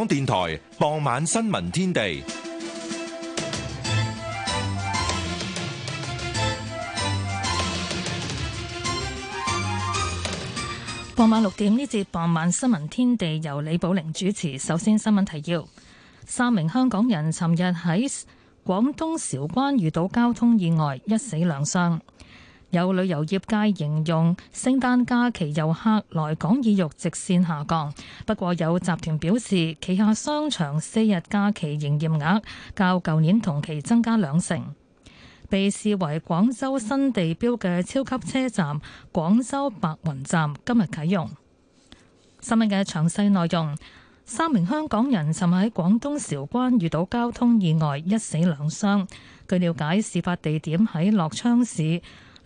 香港電台傍晚新聞天地，傍晚六點呢節傍晚新聞天地由李寶玲主持。首先新聞提要：三名香港人尋日喺廣東韶關遇到交通意外，一死兩傷。有旅遊業界形容聖誕假期遊客來港意欲直線下降。不過，有集團表示旗下商場四日假期營業額較舊年同期增加兩成。被視為廣州新地標嘅超級車站廣州白雲站今日啟用。新聞嘅詳細內容：三名香港人尋日喺廣東韶關遇到交通意外，一死兩傷。據了解，事發地點喺樂昌市。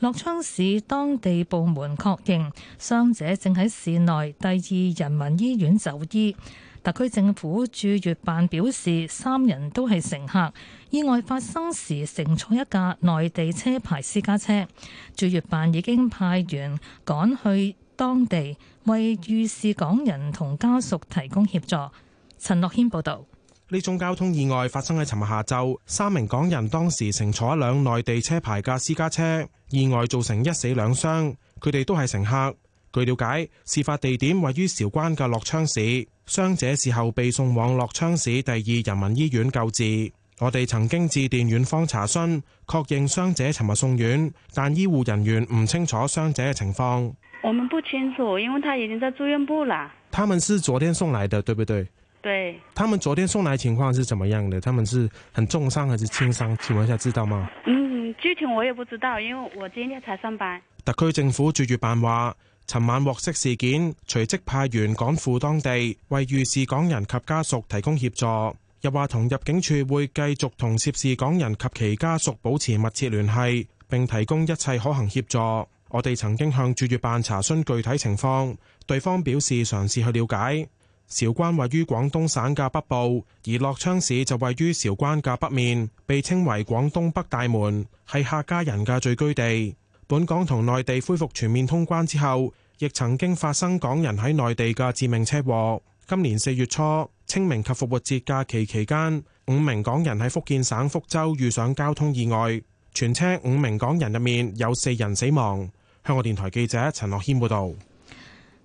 樂昌市當地部門確認傷者正喺市內第二人民醫院就醫。特區政府駐粵辦表示，三人都係乘客，意外發生時乘坐一架內地車牌私家車。駐粵辦已經派員趕去當地，為遇事港人同家屬提供協助。陳樂謙報道。呢宗交通意外發生喺尋日下晝，三名港人當時乘坐一輛內地車牌嘅私家車，意外造成一死兩傷，佢哋都係乘客。據了解，事發地點位於韶關嘅樂昌市，傷者事後被送往樂昌市第二人民醫院救治。我哋曾經致電院方查詢，確認傷者尋日送院，但醫護人員唔清楚傷者嘅情況。我們不清楚，因為他已經在住院部了。他們是昨天送來的，對不對？對，他們昨天送來，情況是怎麼樣的？他們是很重傷還是輕傷？請問一下，知道嗎？嗯，具體我也不知道，因為我今天才上班。特區政府駐粵辦話，尋晚獲悉事件，隨即派員趕赴當地，為遇事港人及家屬提供協助。又話同入境處會繼續同涉事港人及其家屬保持密切聯繫，並提供一切可行協助。我哋曾經向駐粵辦查詢具體情況，對方表示嘗試去了解。韶關位於廣東省嘅北部，而樂昌市就位於韶關嘅北面，被稱為廣東北大門，係客家人嘅聚居地。本港同內地恢復全面通關之後，亦曾經發生港人喺內地嘅致命車禍。今年四月初，清明及復活節假期期間，五名港人喺福建省福州遇上交通意外，全車五名港人入面有四人死亡。香港電台記者陳樂謙報道。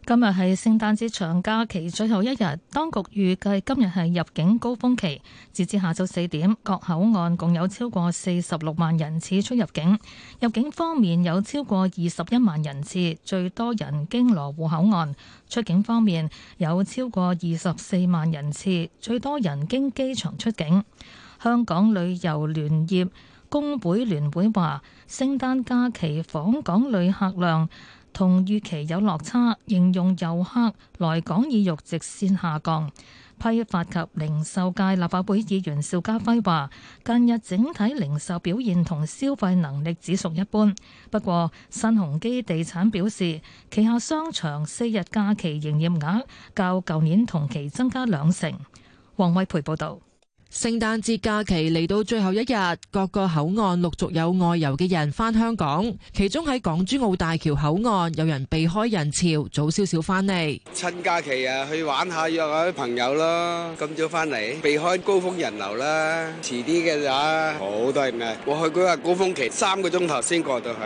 今日係聖誕節長假期最後一日，當局預計今日係入境高峰期，截至下晝四點，各口岸共有超過四十六萬人次出入境。入境方面有超過二十一萬人次，最多人經羅湖口岸；出境方面有超過二十四萬人次，最多人經機場出境。香港旅遊聯業工會聯會話，聖誕假期訪港旅客量同預期有落差，形容遊客來港意欲直線下降。批發及零售界立法會議員邵家輝話：近日整體零售表現同消費能力指數一般。不過，新鴻基地產表示，旗下商場四日假期營業額較舊年同期增加兩成。黃偉培報導。聖誕節假期嚟到最後一日，各個口岸陸續有外遊嘅人返香港，其中喺港珠澳大橋口岸有人避開人潮，早少少返嚟。趁假期啊，去玩下約下啲朋友咯，咁早返嚟避開高峰人流啦，遲啲嘅咋？好多人嘅，我去嗰日高峰期三個鐘頭先過到去。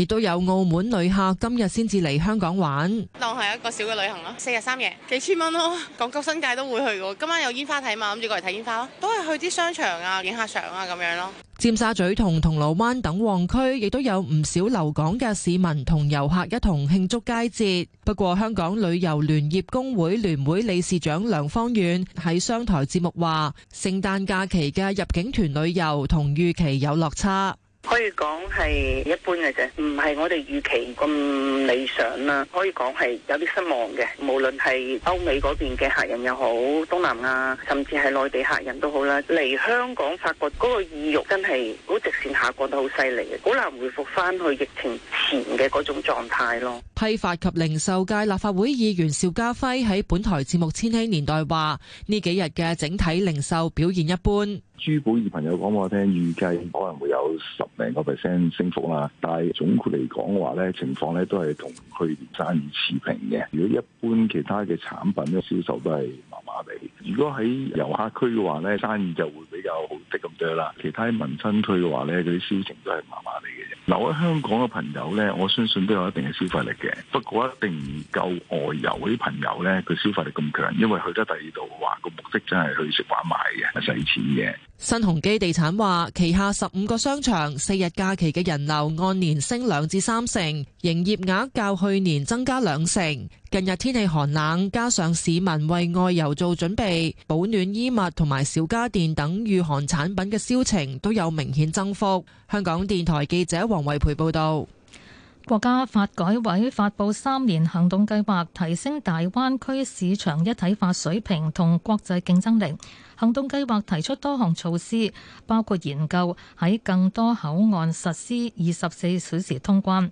亦都有澳門旅客今日先至嚟香港玩，當係一個小嘅旅行咯，四日三夜，幾千蚊咯。港九新界都會去嘅，今晚有煙花睇嘛，諗住過嚟睇煙花咯。都係去啲商場啊，影下相啊咁樣咯。尖沙咀同銅鑼灣等旺區亦都有唔少留港嘅市民同遊客一同慶祝佳節。不過，香港旅遊聯業工會聯會理事長梁芳遠喺商台節目話：聖誕假期嘅入境團旅遊同預期有落差。可以講係一般嘅啫，唔係我哋預期咁理想啦。可以講係有啲失望嘅，無論係歐美嗰邊嘅客人又好，東南亞甚至係內地客人都好啦。嚟香港發覺嗰個意欲真係好直線下降得好犀利，好難回復翻去疫情前嘅嗰種狀態咯。批發及零售界立法會議員邵家輝喺本台節目《千禧年代》話：呢幾日嘅整體零售表現一般。珠寶業朋友講話聽，預計可能會有十零個 percent 升幅啦，但係總括嚟講話咧，情況咧都係同去年生意持平嘅。如果一般其他嘅產品嘅銷售都係麻麻地，如果喺遊客區嘅話咧生意就會比較好啲咁多啦，其他喺民生區嘅話咧，嗰啲銷情都係麻麻地嘅。留喺香港嘅朋友呢，我相信都有一定嘅消費力嘅，不過一定唔夠外遊啲朋友呢，佢消費力咁強，因為去得第二度話個目的真係去食玩買嘅，使錢嘅。新鴻基地產話，旗下十五個商場四日假期嘅人流按年升兩至三成，營業額較,較去年增加兩成。近日天氣寒冷，加上市民為外遊做準備，保暖衣物同埋小家電等御寒產品嘅銷情都有明顯增幅。香港電台記者。王惠培報道，國家發改委發布三年行動計劃，提升大灣區市場一體化水平同國際競爭力。行動計劃提出多項措施，包括研究喺更多口岸實施二十四小時通關。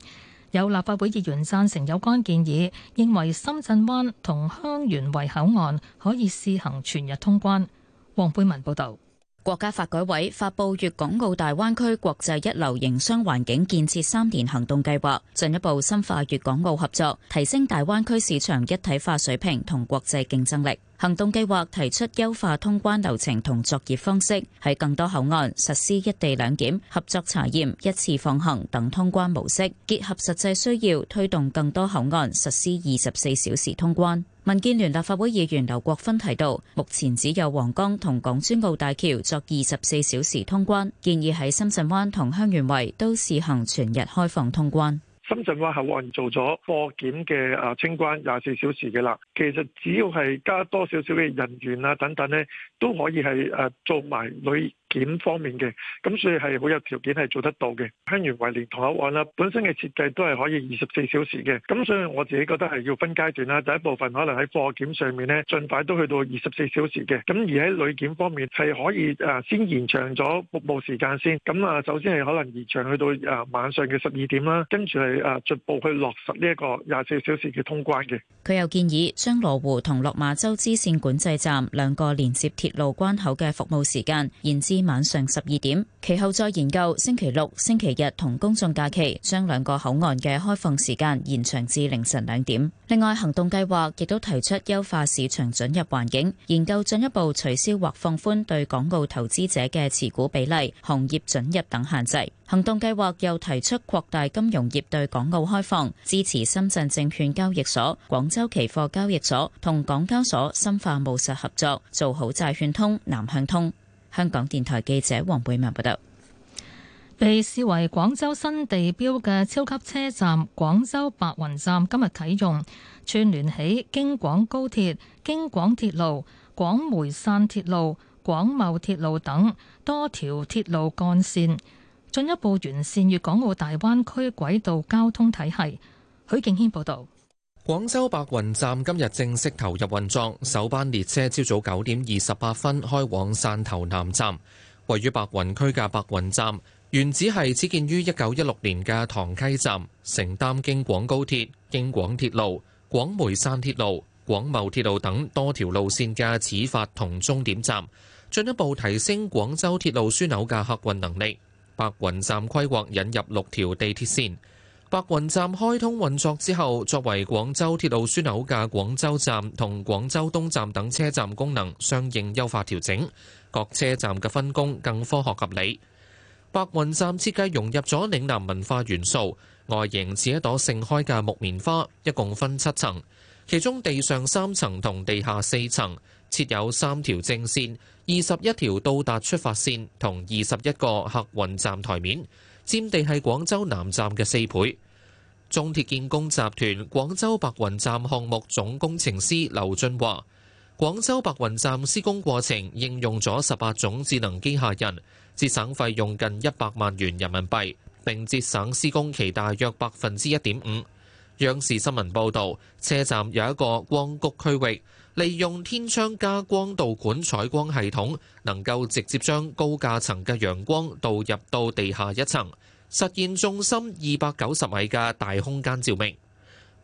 有立法會議員贊成有關建議，認為深圳灣同香園圍口岸可以試行全日通關。黃佩文報道。國家發改委發布粵港澳大灣區國際一流營商環境建設三年行動計劃，進一步深化粵港澳合作，提升大灣區市場一體化水平同國際競爭力。行動計劃提出優化通關流程同作業方式，喺更多口岸實施一地兩檢、合作查驗、一次放行等通關模式，結合實際需要推動更多口岸實施二十四小時通關。民建聯立法會議員劉國芬提到，目前只有皇崗同港珠澳大橋作二十四小時通關，建議喺深圳灣同香園圍都試行全日開放通關。深圳灣口岸做咗貨檢嘅，啊清關廿四小時嘅啦，其實只要係加多少少嘅人員啊等等呢。都可以係誒做埋旅檢方面嘅，咁所以係好有條件係做得到嘅。香園圍蓮塘口岸啦，本身嘅設計都係可以二十四小時嘅，咁所以我自己覺得係要分階段啦。第一部分可能喺貨檢上面呢，儘快都去到二十四小時嘅，咁而喺旅檢方面係可以誒先延長咗服務時間先。咁啊，首先係可能延長去到誒晚上嘅十二點啦，跟住係誒逐步去落實呢一個廿四小時嘅通關嘅。佢又建議將羅湖同落馬洲支線管制站兩個連接路關口嘅服務時間延至晚上十二點，其後再研究星期六、星期日同公眾假期，將兩個口岸嘅開放時間延長至凌晨兩點。另外，行動計劃亦都提出優化市場準入環境，研究進一步取消或放寬對港澳投資者嘅持股比例、行業準入等限制。行動計劃又提出擴大金融業對港澳開放，支持深圳證券交易所、廣州期貨交易所同港交所深化務實合作，做好債券通、南向通。香港電台記者黃貝文報道，被視為廣州新地標嘅超級車站廣州白雲站今日啟用，串聯起京廣高鐵、京廣鐵路、廣梅汕鐵路、廣茂鐵路等多條鐵路幹線。進一步完善粵港澳大灣區軌道交通體系。許敬軒報道：廣州白雲站今日正式投入運作，首班列車朝早九點二十八分開往汕頭南站。位於白雲區嘅白雲站，原址係始建於一九一六年嘅棠溪站，承擔京廣高鐵、京廣鐵路、廣梅汕鐵路、廣茂鐵路等多條路線嘅始發同終點站，進一步提升廣州鐵路樞紐嘅客運能力。白雲站規劃引入六條地鐵線。白雲站開通運作之後，作為廣州鐵路樞紐嘅廣州站同廣州東站等車站功能相應優化調整，各車站嘅分工更科學合理。白雲站設計融入咗嶺南文化元素，外形似一朵盛開嘅木棉花，一共分七層，其中地上三層同地下四層設有三條正線。二十一條到達出發線同二十一個客運站台面，佔地係廣州南站嘅四倍。中鐵建工集團廣州白雲站項目總工程師劉俊華：廣州白雲站施工過程應用咗十八種智能機械人，節省費用近一百萬元人民幣，並節省施工期大約百分之一點五。央視新聞報道，車站有一個光谷區域。利用天窗加光導管採光系統，能夠直接將高架層嘅陽光導入到地下一層，實現重心二百九十米嘅大空間照明。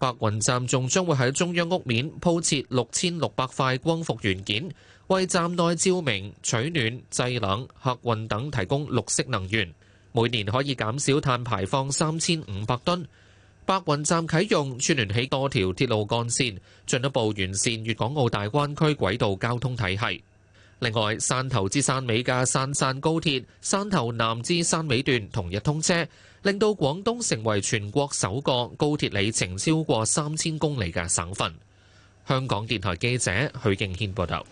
白雲站仲將會喺中央屋面鋪設六千六百塊光伏元件，為站內照明、取暖、製冷、客運等提供綠色能源，每年可以減少碳排放三千五百噸。白雲站啟用，串聯起多條鐵路幹線，進一步完善粵港澳大灣區軌道交通體系。另外，汕頭至汕尾嘅汕汕高鐵，汕頭南至汕尾段同日通車，令到廣東成為全國首個高鐵里程超過三千公里嘅省份。香港電台記者許敬軒報道。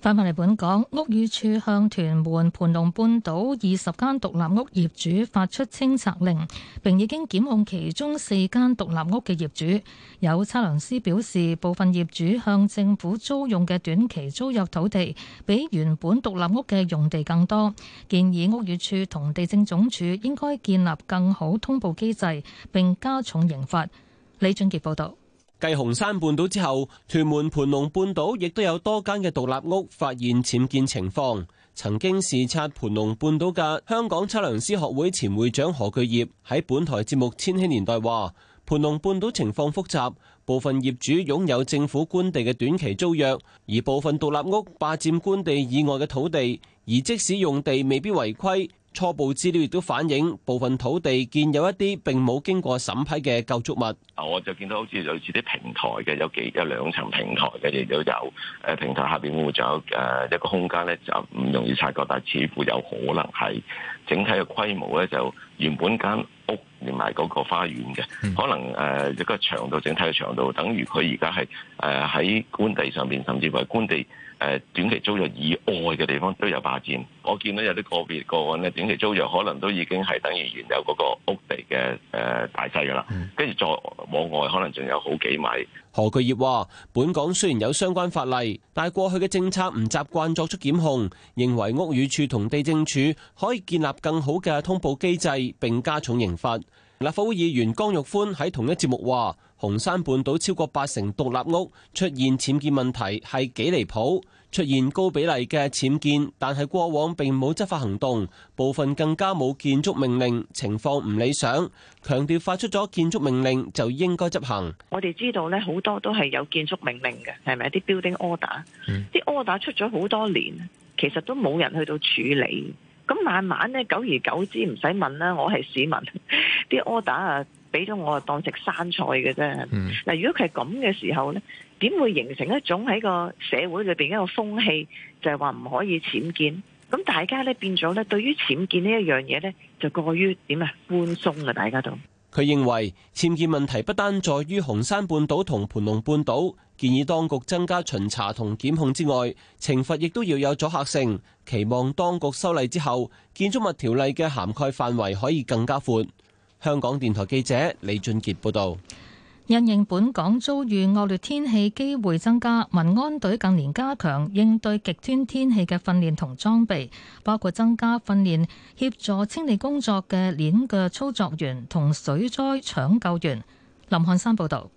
翻返嚟本港，屋宇署向屯門盤龍半島二十間獨立屋業主發出清拆令，並已經檢控其中四間獨立屋嘅業主。有測量師表示，部分業主向政府租用嘅短期租約土地，比原本獨立屋嘅用地更多，建議屋宇署同地政總署應該建立更好通報機制，並加重刑罰。李俊傑報道。繼紅山半島之後，屯門蟠龍半島亦都有多間嘅獨立屋發現僭建情況。曾經視察蟠龍半島嘅香港測量師學會前會長何巨業喺本台節目《千禧年代》話：蟠龍半島情況複雜，部分業主擁有政府官地嘅短期租約，而部分獨立屋霸佔官地以外嘅土地，而即使用地未必違規。初步資料亦都反映部分土地建有一啲並冇經過審批嘅構築物。啊，我就見到好似類似啲平台嘅，有幾有兩層平台嘅，亦都有。誒，平台下邊會仲有誒一個空間咧？就唔容易察覺，但係似乎有可能係整體嘅規模咧，就原本間屋連埋嗰個花園嘅，可能誒一個長度，整體嘅長度，等於佢而家係誒喺官地上面，甚至為官地。誒短期租約以外嘅地方都有霸佔，我見到有啲個別個案咧，短期租約可能都已經係等於原有嗰個屋地嘅誒大細㗎啦，跟住再往外可能仲有好幾米。何巨業話：本港雖然有相關法例，但係過去嘅政策唔習慣作出檢控，認為屋宇署同地政署可以建立更好嘅通報機制並加重刑罰。立法會議員江玉歡喺同一節目話。紅山半島超過八成獨立屋出現僭建問題係幾離譜，出現高比例嘅僭建，但係過往並冇執法行動，部分更加冇建築命令，情況唔理想。強調發出咗建築命令就應該執行。我哋知道呢，好多都係有建築命令嘅，係咪？啲 building order，啲 order 出咗好多年，其實都冇人去到處理。咁慢慢呢，久而久之，唔使問啦，我係市民，啲 order 啊。俾咗我啊，當食生菜嘅啫。嗱，如果佢係咁嘅時候咧，點會形成一種喺個社會裏邊一個風氣，就係話唔可以僭建？咁大家咧變咗咧，對於僭建呢一樣嘢咧，就過於點啊寬鬆啊！大家都。佢認為，僭建問題不單在於紅山半島同盤龍半島，建議當局增加巡查同檢控之外，懲罰亦都要有阻嚇性。期望當局修例之後，建築物條例嘅涵蓋範圍可以更加寬。香港電台記者李俊杰報道，因應本港遭遇惡劣天氣機會增加，民安隊近年加強應對極端天氣嘅訓練同裝備，包括增加訓練協助清理工作嘅鏈鋸操作員同水災搶救員。林漢山報道。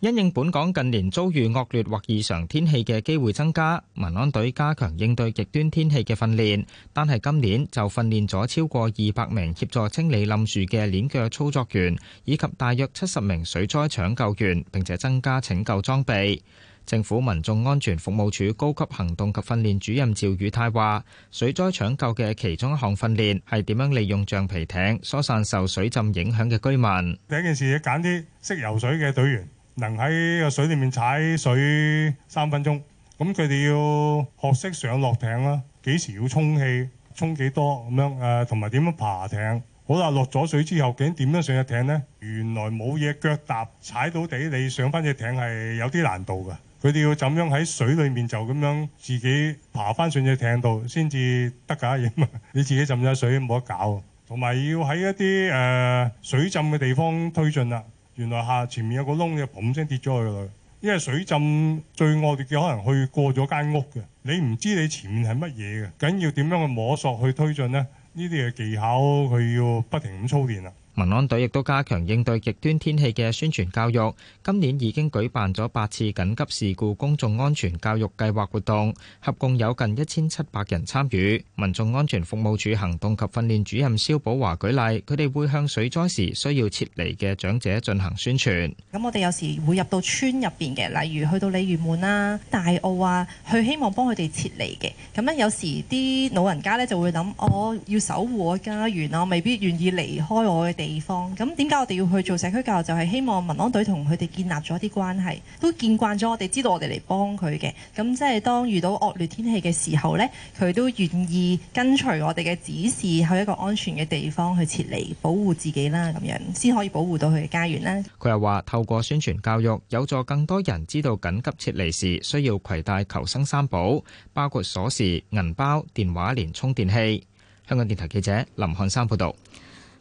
因應本港近年遭遇惡劣或異常天氣嘅機會增加，民安隊加強應對極端天氣嘅訓練。但係今年就訓練咗超過二百名協助清理冧樹嘅鏈鋸操作員，以及大約七十名水災搶救員，並且增加拯救裝備。政府民眾安全服務處高級行動及訓練主任趙宇泰話，水災搶救嘅其中一項訓練係點樣利用橡皮艇疏散受水浸影響嘅居民。第一件事要揀啲識游水嘅隊員。能喺個水裏面踩水三分鐘，咁佢哋要學識上落艇啦。幾時要充氣？充幾多咁樣？誒、呃，同埋點樣爬艇？好啦，落咗水之後，究竟點樣上隻艇咧？原來冇嘢腳踏踩到地，你上返隻艇係有啲難度嘅。佢哋要怎樣喺水裏面就咁樣自己爬返上隻艇度先至得㗎。你自己浸咗水冇得搞，同埋要喺一啲誒、呃、水浸嘅地方推進啦。原來下前面有個窿，就砰聲跌咗去。因為水浸最惡劣嘅可能去過咗間屋嘅，你唔知你前面係乜嘢嘅，緊要點樣去摸索去推進咧？呢啲嘅技巧佢要不停咁操練啊！民安隊亦都加強應對極端天氣嘅宣傳教育，今年已經舉辦咗八次緊急事故公眾安全教育計劃活動，合共有近一千七百人參與。民眾安全服務處行動及訓練主任蕭寶華舉例，佢哋會向水災時需要撤離嘅長者進行宣傳。咁我哋有時會入到村入面嘅，例如去到鯉魚門啊、大澳啊，去希望幫佢哋撤離嘅。咁呢，有時啲老人家呢就會諗，我要守護我嘅家園啊，未必願意離開我嘅地。地方，咁點解我哋要去做社區教育？就係、是、希望民安隊同佢哋建立咗啲關係，都見慣咗我哋，知道我哋嚟幫佢嘅。咁即係當遇到惡劣天氣嘅時候，呢佢都願意跟隨我哋嘅指示去一個安全嘅地方去撤離，保護自己啦，咁樣先可以保護到佢嘅家園。呢佢又話透過宣傳教育，有助更多人知道緊急撤離時需要攜帶求生三寶，包括鎖匙、銀包、電話，連充電器。香港電台記者林漢山報道。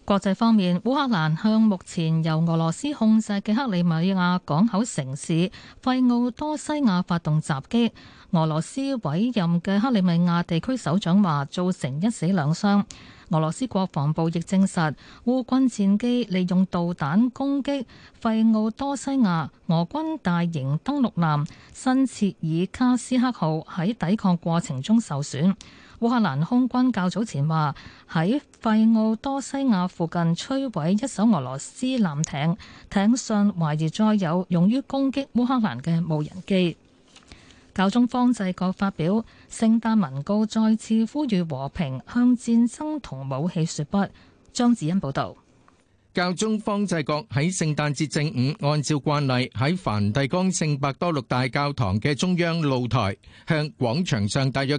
國際方面，烏克蘭向目前由俄羅斯控制嘅克里米亞港口城市費奧多西亞發動襲擊。俄羅斯委任嘅克里米亞地區首長話，造成一死兩傷。俄羅斯國防部亦證實，烏軍戰機利用導彈攻擊費奧多西亞，俄軍大型登陸艦新切爾卡斯克號喺抵抗過程中受損。烏克蘭空軍較早前話，喺費奧多西亞附近摧毀一艘俄羅斯艦艇，艇上懷疑再有用於攻擊烏克蘭嘅無人機。教宗方濟各發表聖誕文告，再次呼籲和平，向戰爭同武器說不。張子欣報道。教宗方濟各喺聖誕節正午按照慣例喺梵蒂岡聖伯多祿大教堂嘅中央露台向廣場上大約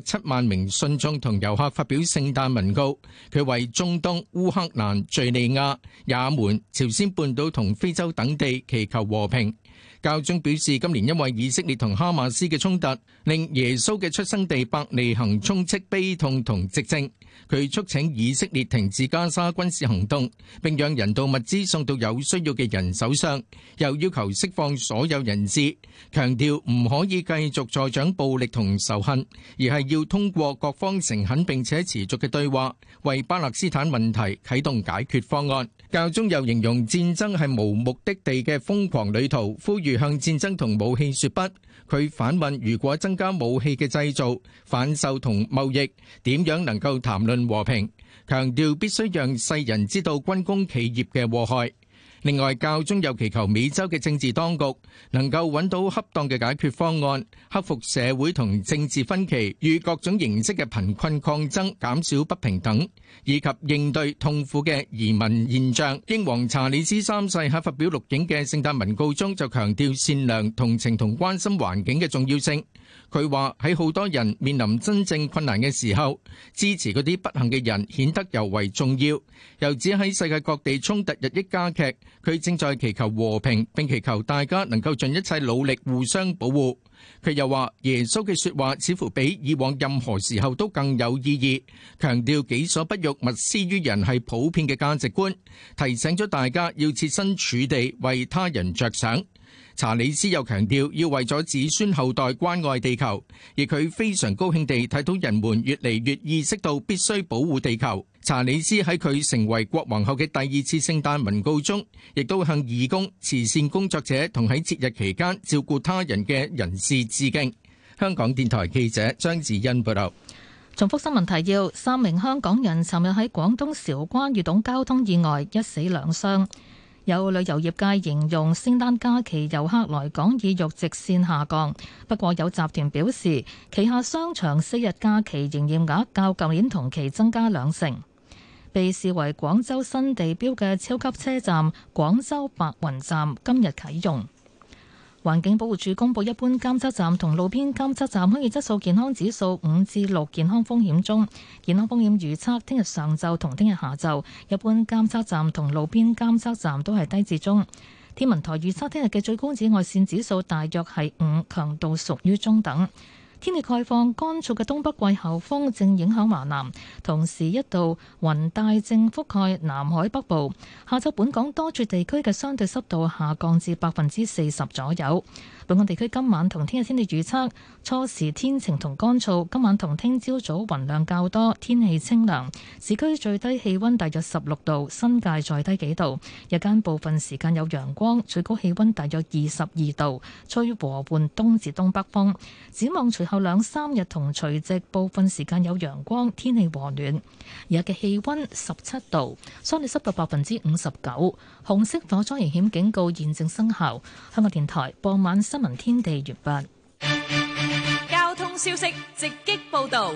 佢促請以色列停止加沙軍事行動，並讓人道物資送到有需要嘅人手上，又要求釋放所有人質，強調唔可以繼續助長暴力同仇恨，而係要通過各方誠懇並且持續嘅對話，為巴勒斯坦問題啟動解決方案。教宗又形容戰爭係無目的地嘅瘋狂旅途，呼籲向戰爭同武器說不。佢反問：如果增加武器嘅製造、販售同貿易，點樣能夠談論和平？強調必須讓世人知道軍工企業嘅禍害。另外，教宗，佢話喺好多人面臨真正困難嘅時候，支持嗰啲不幸嘅人顯得尤為重要。又指喺世界各地衝突日益加劇，佢正在祈求和平，並祈求大家能夠盡一切努力互相保護。佢又話耶穌嘅說話似乎比以往任何時候都更有意義，強調己所不欲勿施於人係普遍嘅價值觀，提醒咗大家要設身處地為他人着想。查理斯又強調要為咗子孫後代關愛地球，而佢非常高興地睇到人們越嚟越意識到必須保護地球。查理斯喺佢成為國王後嘅第二次聖誕文告中，亦都向義工、慈善工作者同喺節日期間照顧他人嘅人士致敬。香港電台記者張智恩報道。重複新聞提要：三名香港人尋日喺廣東韶關遇到交通意外，一死兩傷。有旅遊業界形容聖誕假期遊客來港意欲直線下降，不過有集團表示旗下商場四日假期營業額較舊年同期增加兩成。被視為廣州新地標嘅超級車站廣州白雲站今日啟用。環境保護署公布，一般監測站同路邊監測站空氣質素健康指數五至六，健康風險中。健康風險預測，聽日上晝同聽日下晝，一般監測站同路邊監測站都係低至中。天文台預測，聽日嘅最高紫外線指數大約係五，強度屬於中等。天氣概況，乾燥嘅東北季候風正影響華南，同時一道雲帶正覆蓋南海北部。下晝本港多處地區嘅相對濕度下降至百分之四十左右。本港地區今晚同聽日天氣預測，初時天晴同乾燥，今晚同聽朝早雲量較多，天氣清涼。市區最低氣溫大約十六度，新界再低幾度。日間部分時間有陽光，最高氣溫大約二十二度，吹和緩東至東北風。展望隨後兩三日同隨節部分時間有陽光，天氣和暖。日嘅氣溫十七度，相對濕度百分之五十九，紅色火災危險警告現正生效。香港電台傍晚新聞天地粵八交通消息直擊報道。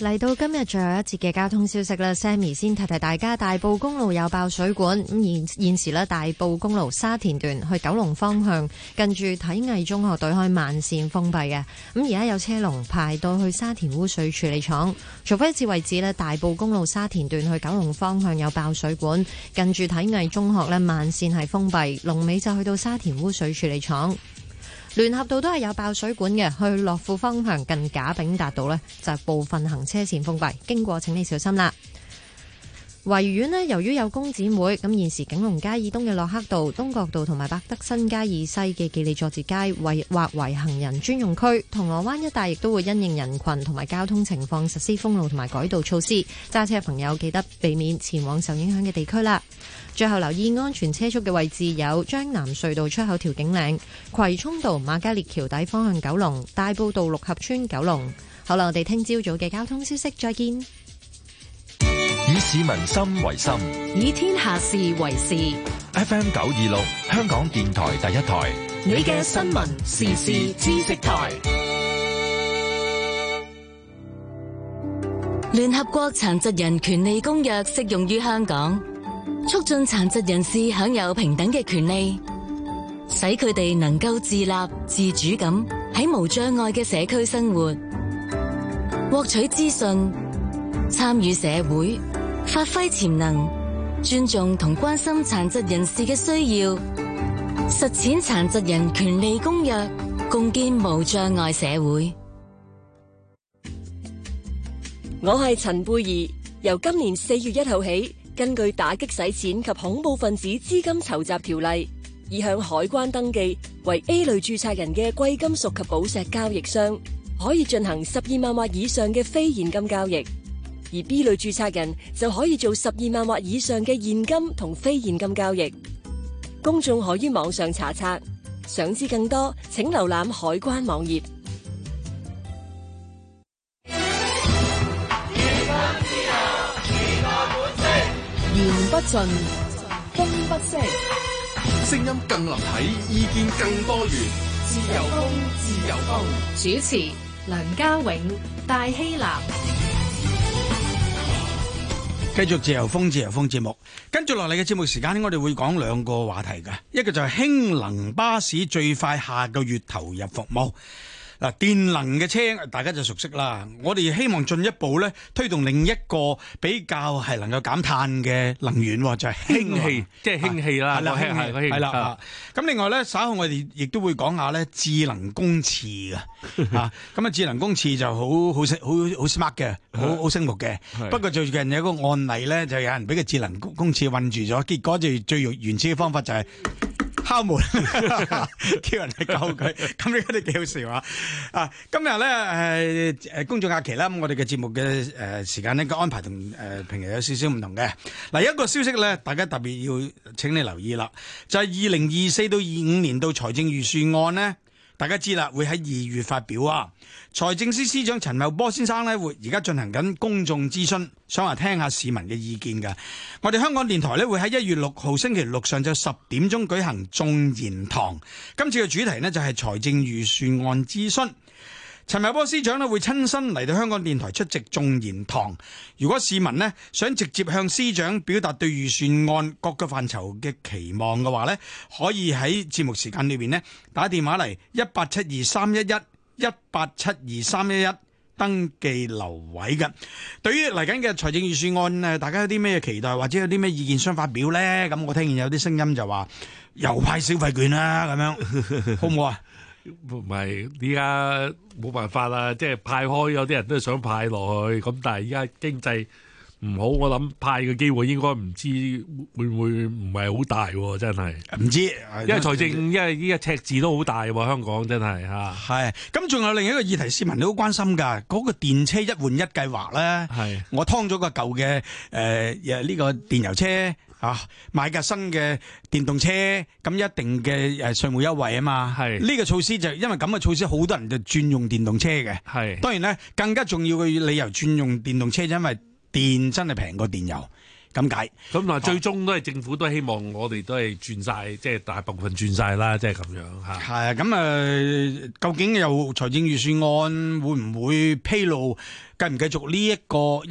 嚟到今日，最後一節嘅交通消息啦。Sammy 先提提大家，大埔公路有爆水管。咁現現時咧，大埔公路沙田段去九龍方向，近住體藝中學對開慢線封閉嘅。咁而家有車龍排到去沙田污水處理廠。除非一次為止咧，大埔公路沙田段去九龍方向有爆水管，近住體藝中學咧慢線係封閉，龍尾就去到沙田污水處理廠。聯合道都係有爆水管嘅，去樂富方向近賈炳達道呢，就是、部分行車前封閉，經過請你小心啦。維園呢，由於有工展會，咁現時景隆街以東嘅洛克道、東角道同埋百德新街以西嘅吉利佐治街為劃為行人專用區。銅鑼灣一帶亦都會因應人群同埋交通情況實施封路同埋改道措施，揸車嘅朋友記得避免前往受影響嘅地區啦。最後留意安全車速嘅位置有張南隧道出口、調景嶺、葵涌道、瑪嘉烈橋底方向、九龍、大埔道六合村、九龍。好啦，我哋聽朝早嘅交通消息，再見。以市民心為心，以天下事為事。F M 九二六，香港電台第一台，你嘅新聞時事知識台。聯合國殘疾人權利公約適用於香港。促進殘疾人士享有平等嘅權利，使佢哋能夠自立自主咁喺無障礙嘅社區生活，獲取資訊、參與社會、發揮潛能，尊重同關心殘疾人士嘅需要，實踐殘疾人權利公約，共建無障礙社會。我係陳貝兒，由今年四月一號起。根據打擊洗錢及恐怖分子資金籌集條例，而向海關登記為 A 類注冊人嘅貴金屬及寶石交易商，可以進行十二萬或以上嘅非現金交易；而 B 類注冊人就可以做十二萬或以上嘅現金同非現金交易。公眾可於網上查冊，想知更多，請瀏覽海關網頁。不盡風不息，聲音更立體，意見更多元。自由風，自由風。主持梁家永、戴希南。繼續自由風，自由風節目。跟住落嚟嘅節目時間，我哋會講兩個話題㗎，一個就係興能巴士最快下個月投入服務。嗱，電能嘅車大家就熟悉啦。我哋希望進一步咧推動另一個比較係能夠減碳嘅能源，就係氫氣，即係氫氣啦。係啦，氫氣，係啦，係啦。咁另外咧，稍後我哋亦都會講下咧智能公廁㗎嚇。咁啊，智能公廁就好好識，好好 smart 嘅，好好醒目嘅。不過最近有個案例咧，就有人俾個智能公公廁困住咗，結果就最原原始嘅方法就係。敲門， 叫人去救佢，咁你個都幾好笑啊！啊，今日咧係誒公眾假期啦，咁、嗯、我哋嘅節目嘅誒、呃、時間咧個安排、呃、點點同誒平日有少少唔同嘅。嗱，一個消息咧，大家特別要請你留意啦，就係二零二四到二五年度財政預算案咧。大家知啦，會喺二月發表啊。財政司司長陳茂波先生呢，會而家進行緊公眾諮詢，想話聽下市民嘅意見㗎。我哋香港電臺呢，會喺一月六號星期六上晝十點鐘舉行眾言堂，今次嘅主題呢，就係財政預算案諮詢。陳茂波司長呢，會親身嚟到香港電台出席眾言堂。如果市民呢想直接向司長表達對預算案各個範疇嘅期望嘅話呢，可以喺節目時間裏邊呢打電話嚟一八七二三一一一八七二三一一登記留位㗎。對於嚟緊嘅財政預算案呢，大家有啲咩期待或者有啲咩意見想發表呢？咁我聽見有啲聲音就話又派消費券啦，咁樣好唔好啊？ 唔係，依家冇辦法啦，即係派開有啲人都想派落去，咁但係依家經濟唔好，我諗派嘅機會應該唔知會唔會唔係好大、啊，真係唔知，因為財政，因為依家赤字都好大、啊，香港真係吓。係，咁仲有另一個議題，市民都好關心噶，嗰、嗰個電車一換一計劃咧。係的，我劏咗個舊嘅誒誒呢個電油車。啊！買架新嘅電動車，咁一定嘅誒稅務優惠啊嘛。係呢個措施就因為咁嘅措施，好多人就轉用電動車嘅。係當然咧，更加重要嘅理由轉用電動車，因為電真係平過電油咁解。咁嗱，最終都係政府都希望我哋都係轉曬，即係大部分轉曬啦，即係咁樣嚇。係啊，咁誒，究竟有財政預算案會唔會披露，繼唔繼續呢一個？